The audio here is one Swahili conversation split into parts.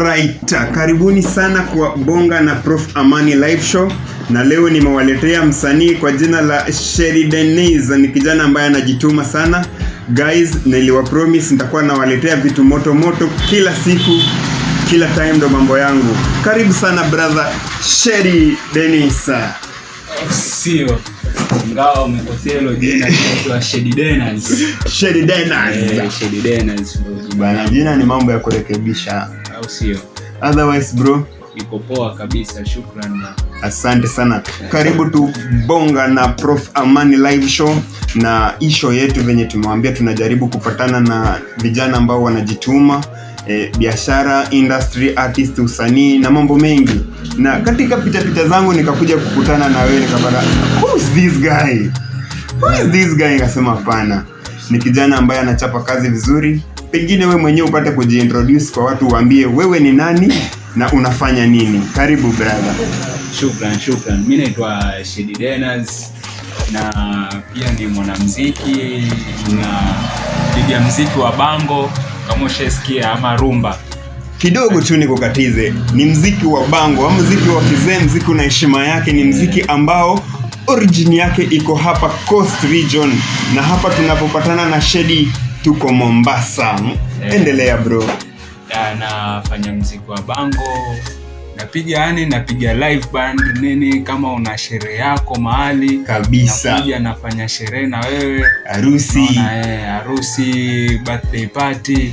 Right, karibuni sana kwa Bonga na Prof Amani live show, na leo nimewaletea msanii kwa jina la Sherry Ni kijana ambaye anajituma sana guys, niliwa promise nitakuwa nawaletea vitu moto moto kila siku, kila time, ndo mambo yangu. Karibu sana brother Sherry Sio Ngao umekosea hilo jina la Shady Denise. Shady Bana, jina ni mambo ya kurekebisha au sio? Otherwise bro, iko poa kabisa, shukrani. Asante sana, karibu tubonga na Prof Amani live show na isho yetu venye tumewambia, tunajaribu kupatana na vijana ambao wanajituma E, biashara, industry, artist, usanii na mambo mengi. Na katika pita pita zangu nikakuja kukutana na wewe nikapata, who is this guy, who is this guy? Nikasema hapana, ni kijana ambaye anachapa kazi vizuri, pengine wewe mwenyewe upate kujiintroduce kwa watu, uambie wewe ni nani na unafanya nini. Karibu brother. Shukran, shukran. Mimi naitwa Shedi na pia ni mwanamuziki na piga muziki wa bango kama ushasikia ama rumba kidogo tu nikukatize, ni mziki wa bango au mziki wa kizee, mziki una heshima yake, ni mziki ambao origin yake iko hapa Coast Region, na hapa tunapopatana na Shedi tuko Mombasa yeah. Endelea bro. Nafanya mziki wa bango, napiga yani, napiga live band nini. Kama una sherehe yako mahali kabisa, nakuja nafanya sherehe na wewe, harusi eh, harusi, birthday party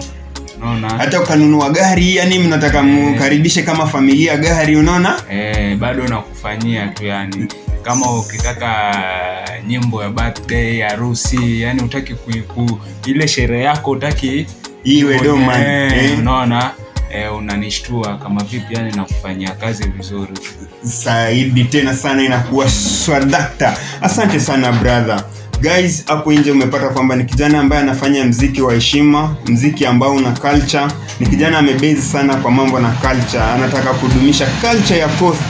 Unaona? Hata ukanunua gari yani, mnataka e, eh. mkaribishe kama familia gari, unaona eh, bado nakufanyia tu yani kama ukitaka nyimbo ya birthday, harusi, yani utaki kuiku ile sherehe yako utaki iwe doma, eh, unaona eh, unanishtua kama vipi, yani nakufanyia kazi vizuri zaidi tena sana, inakuwa swadakta. Asante sana brother. Guys, hapo nje umepata kwamba ni kijana ambaye anafanya mziki wa heshima, mziki ambao una culture. Ni kijana amebezi sana kwa mambo na culture, anataka kudumisha culture ya Coast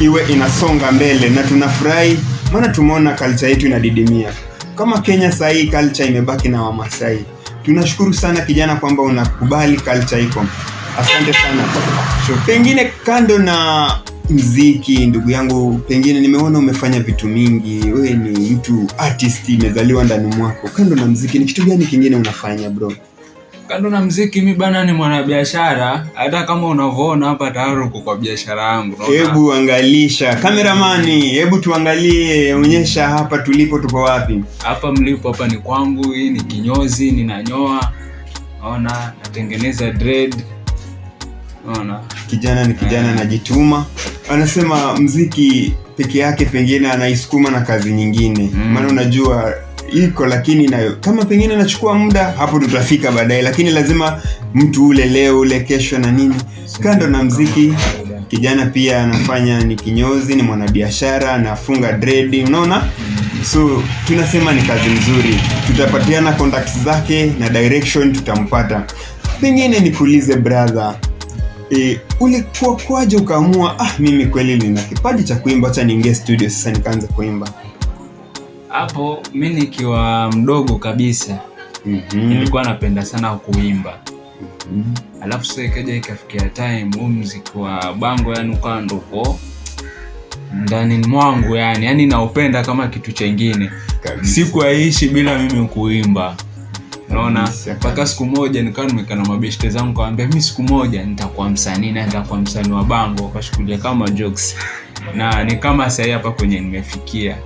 iwe inasonga mbele, na tunafurahi maana tumeona kalcha yetu inadidimia. Kama Kenya saa hii imebaki na Wamasai. Tunashukuru sana kijana kwamba unakubali kalcha iko. Asante sana. So, pengine kando na mziki, ndugu yangu, pengine nimeona umefanya vitu mingi. Wewe ni mtu artist, imezaliwa ndani mwako. Kando na mziki, ni kitu gani kingine unafanya bro? kando na mziki, mi bana ni mwanabiashara. Hata kama unavyoona hapa tayari uko kwa biashara yangu. Hebu angalisha kameramani, hebu tuangalie, onyesha hapa tulipo, tuko wapi? Hapa mlipo hapa ni kwangu. Hii ni kinyozi, ninanyoa, naona natengeneza dread. Ona kijana ni kijana eh. anajituma, anasema mziki peke yake, pengine anaisukuma na kazi nyingine, mm. maana mm. unajua iko lakini nayo kama pengine nachukua muda hapo tutafika baadaye, lakini lazima mtu ule leo ule kesho na nini. Kando na mziki, kijana pia anafanya ni kinyozi, ni mwanabiashara, anafunga dredi, unaona so tunasema ni kazi nzuri, tutapatiana contacts zake na direction tutampata. Pengine nikuulize brother, e, ulikuwa kwaje ukaamua ah, mimi kweli nina kipaji cha kuimba, acha niingie studio sasa nikaanza kuimba? hapo mi nikiwa mdogo kabisa mm -hmm. nilikuwa napenda sana kuimba mm -hmm. alafu sasa ikaja ikafikia time huu mziki wa bango yani ukawa ndoko ndani mwangu yani yani naupenda kama kitu chengine sikuaishi bila mimi kuimba naona mpaka siku moja nikawa nimekana na mabeshte zangu kawambia mi siku moja nitakuwa msanii na nitakuwa msanii wa bango wakashukulia kama jokes na ni kama sahii hapa kwenye nimefikia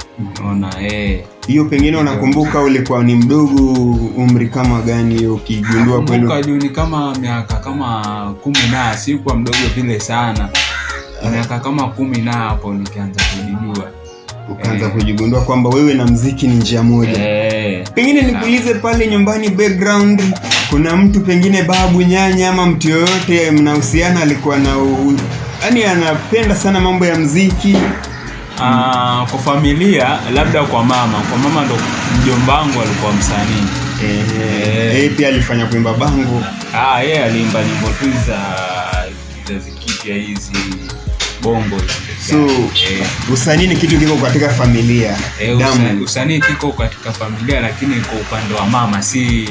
naona eh hiyo pengine unakumbuka ulikuwa ni mdogo umri kama gani ukigundua kwenu kama miaka kama kumi na sikuwa mdogo vile sana miaka kama kumi na hapo nikianza kujijua ukaanza hey. Eh. kujigundua kwamba wewe na mziki ni njia moja hey. Eh. pengine nikuulize pale nyumbani background kuna mtu pengine babu nyanya ama mtu yoyote mnahusiana alikuwa na u yani anapenda sana mambo ya mziki. Uh, kwa familia labda kwa mama, kwa mama ndo mjomba wangu alikuwa msanii eh, eh, pia alifanya kuimba bango. Ah, yeye aliimba nyimbo tu za kizazi kipya hizi bongo. So eh. usanii ni kitu kiko katika familia eh, damu. Usanii kiko katika familia, lakini kwa upande wa mama, si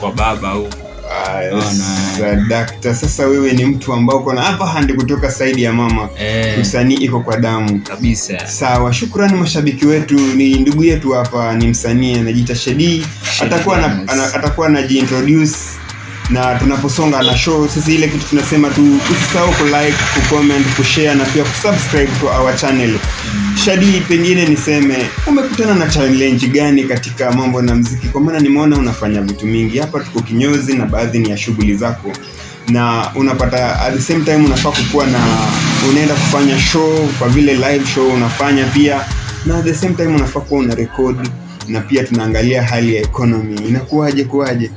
kwa baba huko Oh, Sadakta, eh, sasa wewe ni mtu ambao uko na handi kutoka saidi ya mama eh, msanii iko kwa damu kabisa. Sawa, shukrani mashabiki wetu. Ni ndugu yetu hapa, ni msanii anajiita Shedi, atakuwa na, ana, atakuwa anajiintroduce na tunaposonga na show sisi, ile kitu tunasema tu, usisahau ku like ku comment ku share na pia kusubscribe to our channel. Shadi, pengine niseme umekutana na challenge gani katika mambo na mziki? Kwa maana nimeona unafanya vitu mingi hapa, tuko kinyozi na baadhi ni ya shughuli zako, na unapata at the same time unafaa kukuwa na unaenda kufanya show kwa vile live show unafanya pia, na at the same time unafaa kuwa una record, na pia tunaangalia hali ya economy inakuwaje, kuwaje?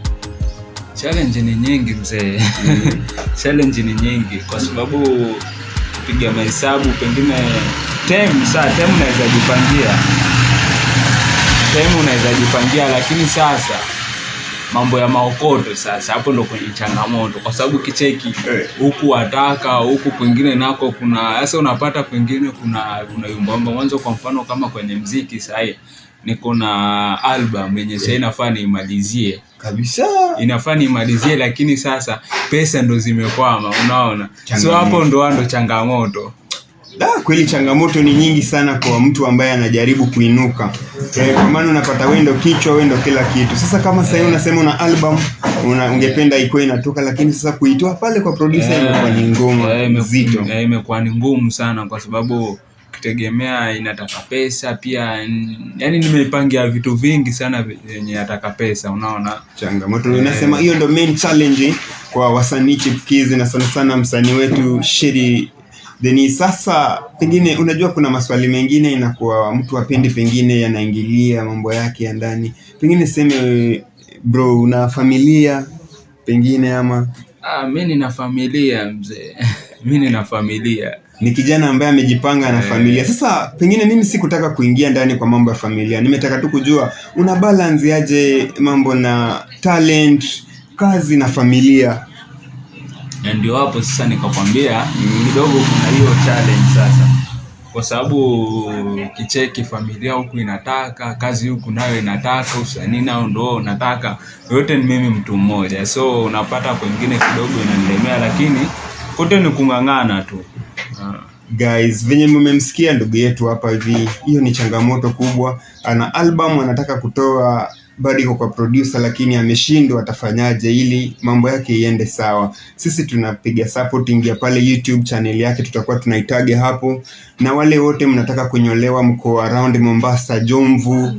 Challenge ni nyingi mzee. Mm. Challenge ni nyingi kwa sababu kupiga mahesabu pengine time, saa time unaweza jipangia, time unaweza jipangia, lakini sasa mambo ya maokoto sasa. Hapo ndo kwenye changamoto, kwa sababu kicheki eh. huku wataka huku kwingine nako kuna sasa, unapata kwingine kuna kuna yumbamba mwanzo. Kwa mfano kama kwenye mziki sasa niko na album yenye sasa inafaa niimalizie kabisa, inafaa niimalizie, lakini sasa pesa ndo zimekwama, unaona. So hapo ndo ndo changamoto Da, ah, kweli changamoto ni nyingi sana kwa mtu ambaye anajaribu kuinuka. E, kwa maana unapata wendo kichwa, wendo kila kitu. Sasa kama sasa unasema una album, una ungependa ikuwe inatoka lakini sasa kuitoa pale kwa producer yeah, imekuwa ni ngumu yeah, Yeah, eh, imekuwa ni ngumu sana kwa sababu kitegemea inataka pesa pia, yani nimeipangia vitu vingi sana yenye nataka pesa, unaona changamoto eh. inasema hiyo ndio main challenge kwa wasanii chipkizi na sana sana msanii wetu Sheri Then sasa pengine unajua kuna maswali mengine inakuwa mtu apendi, pengine yanaingilia mambo yake ya ndani. Pengine seme bro, una familia pengine ama? Ah, mimi nina familia mzee. Mimi nina familia ni kijana ambaye amejipanga na eh. familia. Sasa pengine mimi sikutaka kuingia ndani kwa mambo ya familia, nimetaka tu kujua una balance aje mambo na talent, kazi na familia na ndio hapo sasa nikakwambia kidogo kuna hiyo challenge sasa, kwa sababu kicheki familia huku inataka kazi, huku nayo inataka usanii nao ndo unataka, yote ni mimi mtu mmoja, so unapata kwengine kidogo inanilemea, lakini kote ni kung'ang'ana tu. Guys, venye mmemsikia ndugu yetu hapa hivi, hiyo ni changamoto kubwa. Ana album anataka kutoa bado iko kwa producer, lakini ameshindwa atafanyaje ili mambo yake iende sawa. Sisi tunapiga support, ingia pale YouTube channel yake, tutakuwa tunaitage hapo, na wale wote mnataka kunyolewa, mko around Mombasa, Jomvu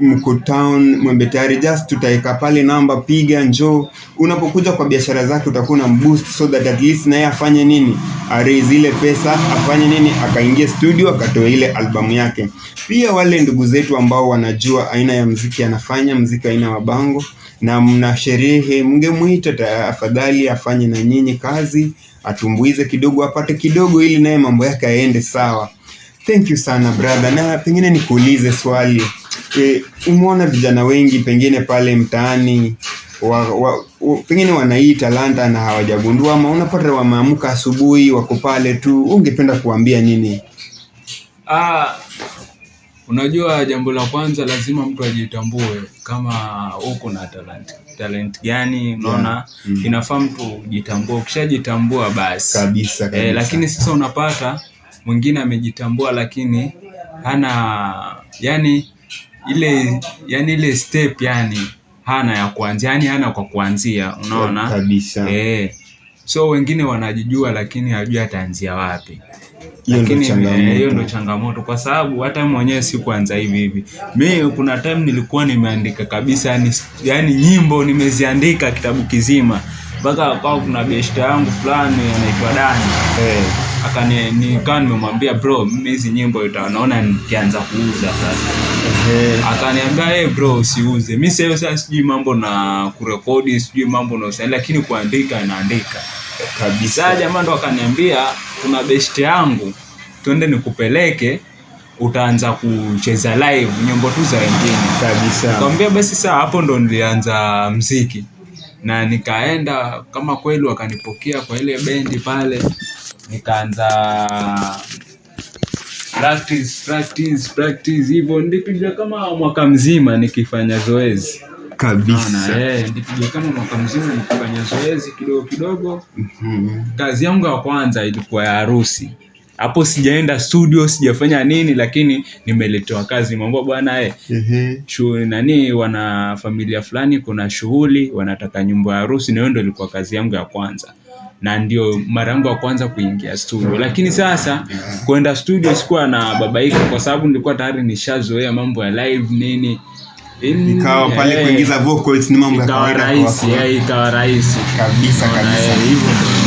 mkutown mwembe tayari just tutaweka pale namba piga njoo unapokuja kwa biashara zake utakuwa na boost so that at least naye afanye nini raise ile pesa afanye nini akaingia studio akatoa ile albamu yake pia wale ndugu zetu ambao wanajua aina ya mziki anafanya mziki aina wa bango na mna sherehe mngemwita afadhali afanye na nyinyi kazi atumbuize kidogo apate kidogo ili naye mambo yake aende sawa thank you sana brother na pengine nikuulize swali e, umeona vijana wengi pengine pale mtaani wa, wa, wa, pengine wanaii talanta na hawajagundua ama unapata wameamka asubuhi wako pale tu, ungependa kuambia nini? Ah, unajua jambo la kwanza lazima mtu ajitambue kama uko na talent talent gani unaona yeah. mm. inafaa mtu ujitambua ukishajitambua basi kabisa, eh, kabisa. Eh, lakini sasa unapata mwingine amejitambua lakini hana yani ile yani ile step yani hana ya kuanzia yani hana kwa kuanzia unaona kabisa eh so wengine wanajijua lakini hajui ataanzia wapi lakini eh, hiyo ndo changamoto kwa sababu hata mwenyewe si kuanza hivi hivi mi kuna time nilikuwa nimeandika kabisa yani, yani nyimbo nimeziandika kitabu kizima mpaka akawa kuna beshta yangu fulani anaitwa dani hey. Eh akani nikaa nimemwambia bro mimi hizi nyimbo naona nikianza kuuza sasa akaniambia hey, bro usiuze mi sasa sasa sijui mambo na kurekodi sijui mambo na usanii lakini kuandika naandika kabisa jamaa ndo akaniambia kuna beshte yangu twende nikupeleke utaanza kucheza live nyimbo tu za wengine kabisa. Nikamwambia basi saa, hapo ndo nilianza mziki na nikaenda kama kweli, wakanipokea kwa ile bendi pale, nikaanza practice practice practice hivyo ndipiga kama mwaka mzima nikifanya zoezi kabisa eh, ndipiga kama mwaka mzima nikifanya zoezi kidogo kidogo mm-hmm. kazi yangu ya kwanza ilikuwa ya harusi hapo sijaenda studio sijafanya nini lakini nimeletewa kazi mambo bwana eh. mm-hmm. nani wana familia fulani kuna shughuli wanataka nyumba ya harusi na hiyo ndo ilikuwa kazi yangu ya kwanza na ndio mara yangu ya kwanza kuingia studio, lakini sasa kwenda studio sikuwa na babaika, kwa sababu nilikuwa tayari nishazoea mambo ya live nini ikawa eh, pale kuingiza vocals ni mambo ya kawaida, eh, ikawa rahisi kabisa kabisa eh, hivyo.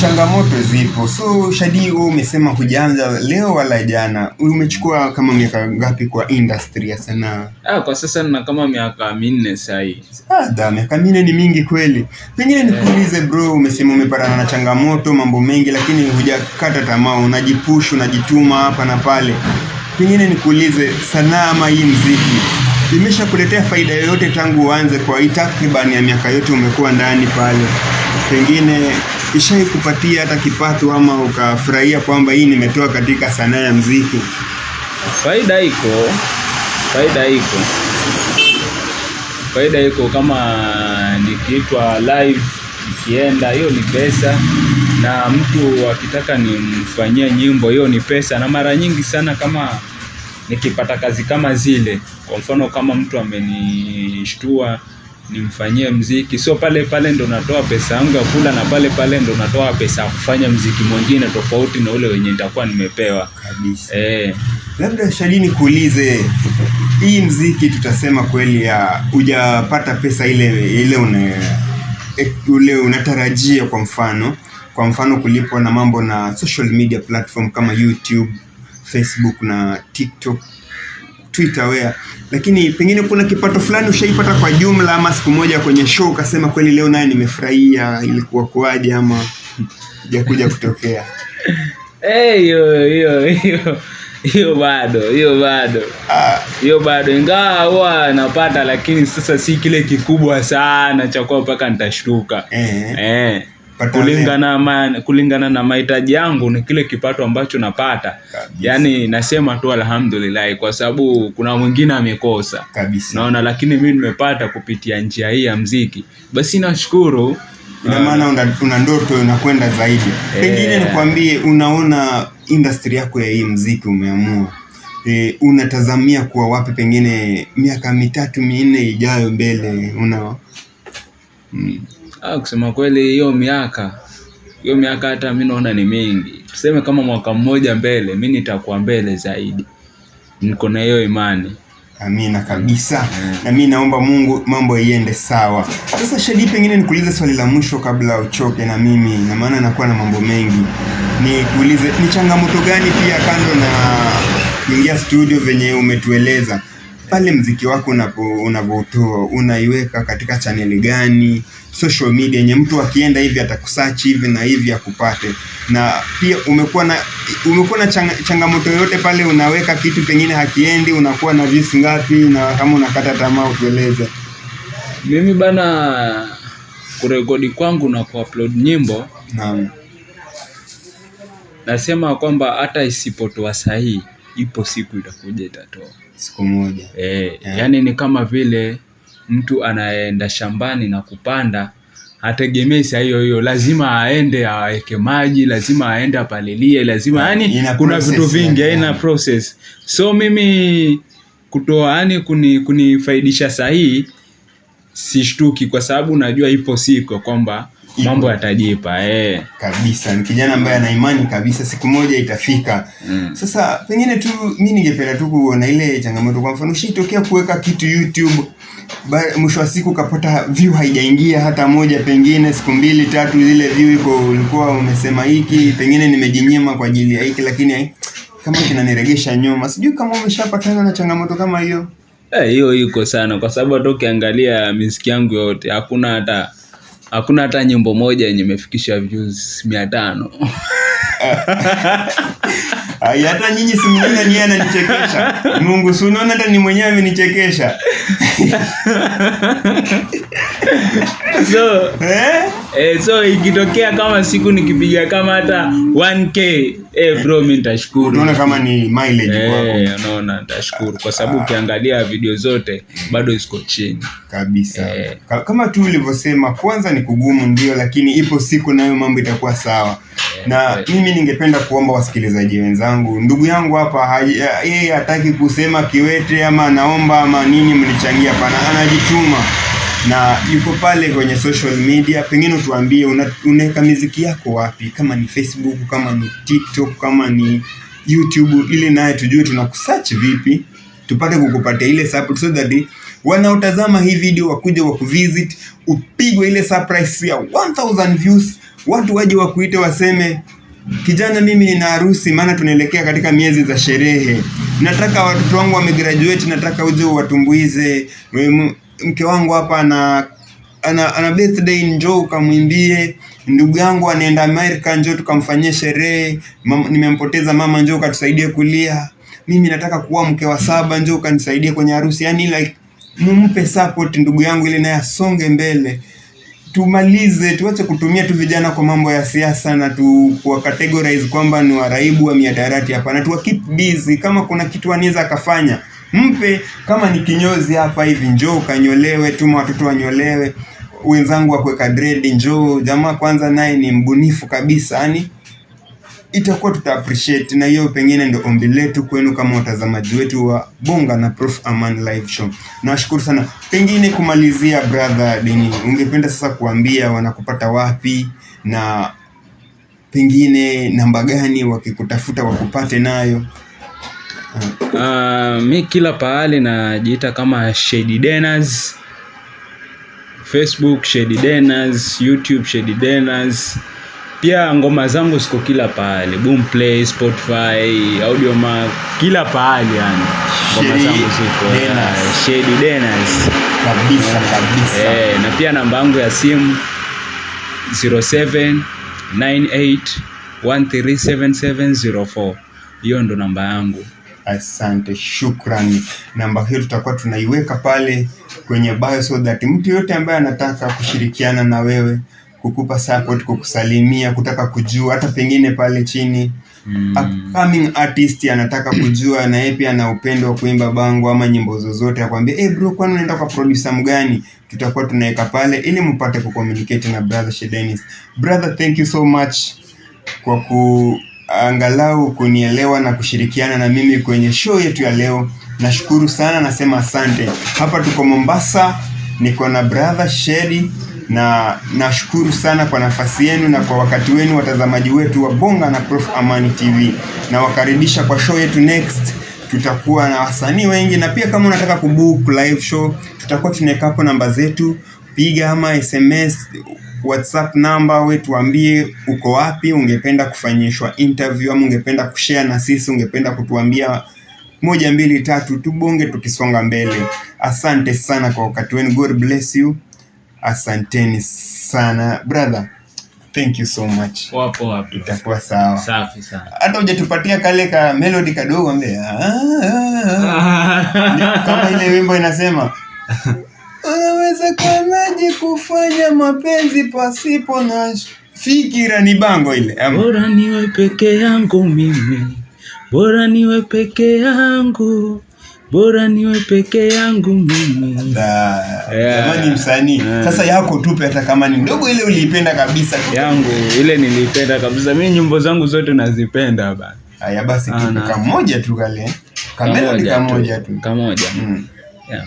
Changamoto zipo. So Shadi, wewe umesema hujaanza leo wala jana, umechukua kama miaka ngapi kwa industry ya sanaa? Ah, kwa sasa nina kama miaka minne sahii. Ah, da, miaka minne ni mingi kweli. Pengine eh. nikuulize bro, umesema umepatana na changamoto mambo mengi, lakini hujakata tamaa, unajipush, unajituma hapa na pale. Pengine nikuulize, sanaa ama hii mziki imesha kuletea faida yoyote tangu uanze, kwa hii takribani ya miaka yote umekuwa ndani pale, pengine ishai kupatia hata kipato ama ukafurahia kwamba hii nimetoa katika sanaa ya mziki? Faida iko, faida iko, faida iko. Kama nikiitwa live ikienda, hiyo ni pesa, na mtu akitaka nimfanyie nyimbo, hiyo ni pesa. Na mara nyingi sana kama nikipata kazi kama zile, kwa mfano kama mtu amenishtua nimfanyie mziki, sio pale pale ndo natoa pesa yangu ya kula na pale pale ndo natoa pesa ya kufanya mziki mwingine tofauti na ule wenye nitakuwa nimepewa kabisa. Eh, labda Shadi, nikuulize hii mziki tutasema kweli ya hujapata pesa ile ile une, ule unatarajia, kwa mfano kwa mfano kulipwa na mambo na social media platform kama YouTube, Facebook na TikTok wea. Lakini pengine kuna kipato fulani ushaipata kwa jumla ama siku moja kwenye show ukasema kweli leo naye nimefurahia ilikuwa kwaje ama jakuja kutokea. Eh, hiyo hiyo hiyo hiyo bado, hiyo bado. Ah. Hiyo bado ingawa huwa napata lakini sasa si kile kikubwa sana cha kuwa mpaka nitashtuka. Eh. Eh kulingana ma, kulingana na mahitaji yangu ni kile kipato ambacho napata kabisa. Yani nasema tu alhamdulillah, kwa sababu kuna mwingine amekosa, naona lakini mimi nimepata kupitia njia hii ya mziki, basi nashukuru. Ina maana ah. una, una ndoto unakwenda zaidi e. Pengine nikwambie, unaona industry yako ya hii mziki umeamua e, unatazamia kuwa wapi? Pengine miaka mitatu minne ijayo mbele, una mm. Ah, kusema kweli hiyo miaka, hiyo miaka hata mi naona ni mingi. Tuseme kama mwaka mmoja mbele, mi nitakuwa mbele zaidi. Niko na hiyo imani. Amina kabisa. Eh. Na mi naomba Mungu mambo iende sawa. Sasa Shadi, pengine nikuulize swali la mwisho kabla uchoke na mimi, na maana nakuwa na mambo mengi. Nikuulize, ni changamoto gani pia kando na kuingia studio venye umetueleza pale mziki wako unavyotoa, unaiweka katika chaneli gani, social media yenye mtu akienda hivi atakusearch hivi na hivi akupate. Na pia umekuwa na umekuwa na changamoto yoyote pale unaweka kitu pengine hakiendi, unakuwa na visi ngapi, na kama unakata tamaa ukueleza Mimi bana, kurekodi kwangu na kuupload nyimbo, naam, nasema kwamba hata isipotoa sahihi ipo siku itakuja itatoa siku moja e, yeah. Yani ni kama vile mtu anaenda shambani na kupanda hategemei saa hiyo hiyo, lazima aende aweke maji, lazima aende apalilie, lazima yani kuna vitu vingi yeah, process. So mimi kutoa yani kuni, kunifaidisha sahihi sishtuki, kwa sababu najua ipo siku kwamba mambo yatajipa eh. Kabisa, ni kijana ambaye ana imani kabisa siku moja itafika. Mm. Sasa pengine tu mimi ningependa tu kuona ile changamoto, kwa mfano shitokea kuweka kitu YouTube mwisho wa siku ukapata view haijaingia hata moja, pengine siku mbili tatu zile view iko ulikuwa umesema hiki, pengine nimejinyema kwa ajili ya hiki, lakini kama kinaniregesha nyuma. Sijui kama umeshapatana na changamoto kama hiyo eh, hiyo. Hey, iko sana kwa sababu hata ukiangalia miziki yangu yote hakuna hata Hakuna hata nyimbo moja yenye imefikisha views mia tano. Hata nyinyi si mnaona ananichekesha. Mungu si unaona hata ni mwenyewe amenichekesha. So, eh? Eh, so ikitokea kama siku nikipiga kama hata 1k eh, bro mi nitashukuru unaona kama ni mileage eh, unaona nitashukuru kwa sababu ukiangalia video zote bado ziko chini kabisa eh. kama tu ulivyosema kwanza ni kugumu ndio lakini ipo siku nayo mambo itakuwa sawa eh, na eh. mimi ningependa kuomba wasikilizaji wenzangu ndugu yangu hapa yeye hataki kusema kiwete ama anaomba ama nini mlichangia pana anajituma na yuko pale kwenye social media. Pengine utuambie unaweka miziki yako wapi, kama ni Facebook, kama ni TikTok, kama ni YouTube, ili naye tujue tunakusearch vipi tupate kukupatia ile support so that wanaotazama hii video wakuja kuvisit, upigwe ile surprise ya 1000 views, watu waje wakuite waseme Kijana, mimi nina harusi, maana tunaelekea katika miezi za sherehe. Nataka watoto wangu wamegraduate, nataka uje uwatumbuize mke wangu hapa ana ana, ana birthday, njoo ukamwimbie. Ndugu yangu anaenda Amerika, njoo tukamfanyie sherehe. Nimempoteza mama, njoo ukatusaidie kulia. Mimi nataka kuwa mke wa saba, njoo ukanisaidie kwenye harusi. Yani like mumpe support ndugu yangu ili naye asonge mbele. Tumalize, tuache kutumia tu vijana kwa mambo ya siasa na tu kwa categorize kwamba ni waraibu wa miadarati. Hapana, tuwa keep busy. Kama kuna kitu anaweza akafanya Mpe kama ni kinyozi hapa hivi njoo ukanyolewe, tuma watoto wanyolewe, wenzangu wa kuweka dread, njoo, jamaa kwanza naye ni mbunifu kabisa. yani itakuwa tuta appreciate na hiyo pengine ndio ombi letu kwenu kama watazamaji wetu wa Bonga na Prof Aman live show. Nawashukuru sana. Pengine kumalizia, brother Deni, ungependa sasa kuambia wanakupata wapi na pengine namba gani wakikutafuta wakupate nayo? Uh, Mi kila pahali najiita kama Shady Deners. Facebook Shady Deners, YouTube Shady Deners. Pia ngoma zangu ziko kila pahali, Boomplay, Spotify, Audio Mac, kila pahali yani. Ngoma zangu ziko ah, Shady Deners. kabisa kabisa. Eh, na pia namba yangu ya simu 0798137704. Hiyo ndo namba yangu. Asante, shukrani. Namba hiyo tutakuwa tunaiweka pale kwenye bio so that mtu yote ambaye anataka kushirikiana na wewe kukupa support, kukusalimia, kutaka kujua hata pengine pale chini mm. upcoming artist anataka kujua na yeye pia ana upendo wa kuimba bango ama nyimbo zozote, akwambia eh, hey bro, kwani unaenda kwa producer mgani? Tutakuwa tunaweka pale ili mpate kucommunicate na brother Shedenis. Brother, thank you so much kwa ku angalau kunielewa na kushirikiana na mimi kwenye show yetu ya leo. Nashukuru sana, nasema asante. Hapa tuko Mombasa, niko na brother Shedi na nashukuru sana kwa nafasi yenu na kwa wakati wenu, watazamaji wetu wa Bonga na Prof Amani TV. Nawakaribisha kwa show yetu next. Tutakuwa na wasanii wengi, na pia kama unataka kubook live show, tutakuwa tunaweka hapo namba zetu, piga ama SMS whatsapp namba, we tuambie uko wapi, ungependa kufanyishwa interview ama ungependa kushare na sisi, ungependa kutuambia moja mbili tatu, tubonge tukisonga mbele. Asante sana kwa wakati wenu, God bless you, asanteni sana brother. Thank you so much. Wapo wapo. Itakuwa sawa. Safi sana. Hata hujatupatia kale ka melody kadogo mbe. Kama ile wimbo inasema Unawezekanaje kufanya mapenzi pasipo na fikira? Ni bango ile Bora niwe peke yangu mimi, bora niwe peke yangu bora niwe peke yangu mimi. Jamani, yeah. Msanii yeah. Sasa yako tupe, hata kama ni mdogo, ile uliipenda kabisa. Yangu ile niliipenda kabisa mimi, nyimbo zangu zote nazipenda bana. Haya basi, kitu kamoja tu kale kamera, kamoja tu kamoja. Mm. Yeah.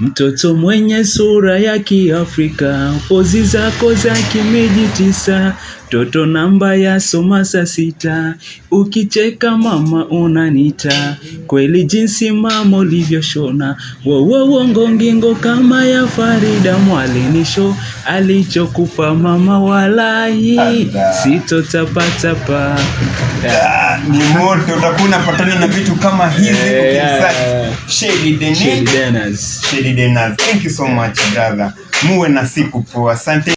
Mtoto mwenye sura ya Kiafrika, pozi zako za kimiji tisa, toto namba ya somasa sita, ukicheka mama unanita, kweli jinsi mama ulivyoshona, wowowo ngingo kama ya Farida Mwalinisho, alichokupa mama walai sitotapatapa. Ni moto utakuwa unapatana na vitu kama hivi. Eh, Thank you so much brother, muwe na siku poa. Asante.